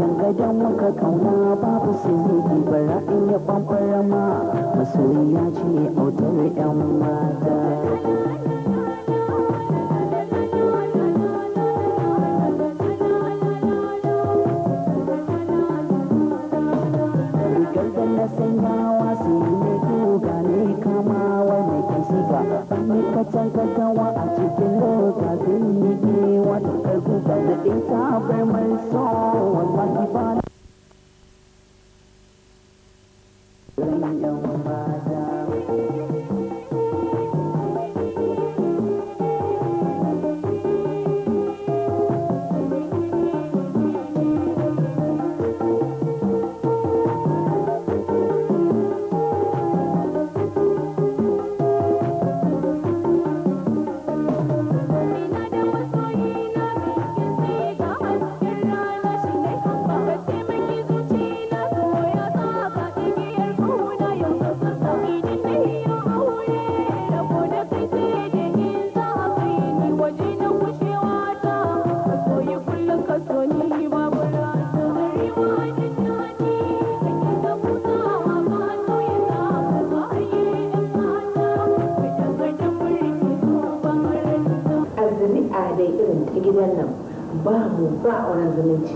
dangadan muka kauna babu sai bara in ya bambara ma masoyiya ce autar yan mata na kamawa a cikin lokacin yi wata da ɗin mai son Yan mata irin ta gidan nan ba mu ba auren zumunci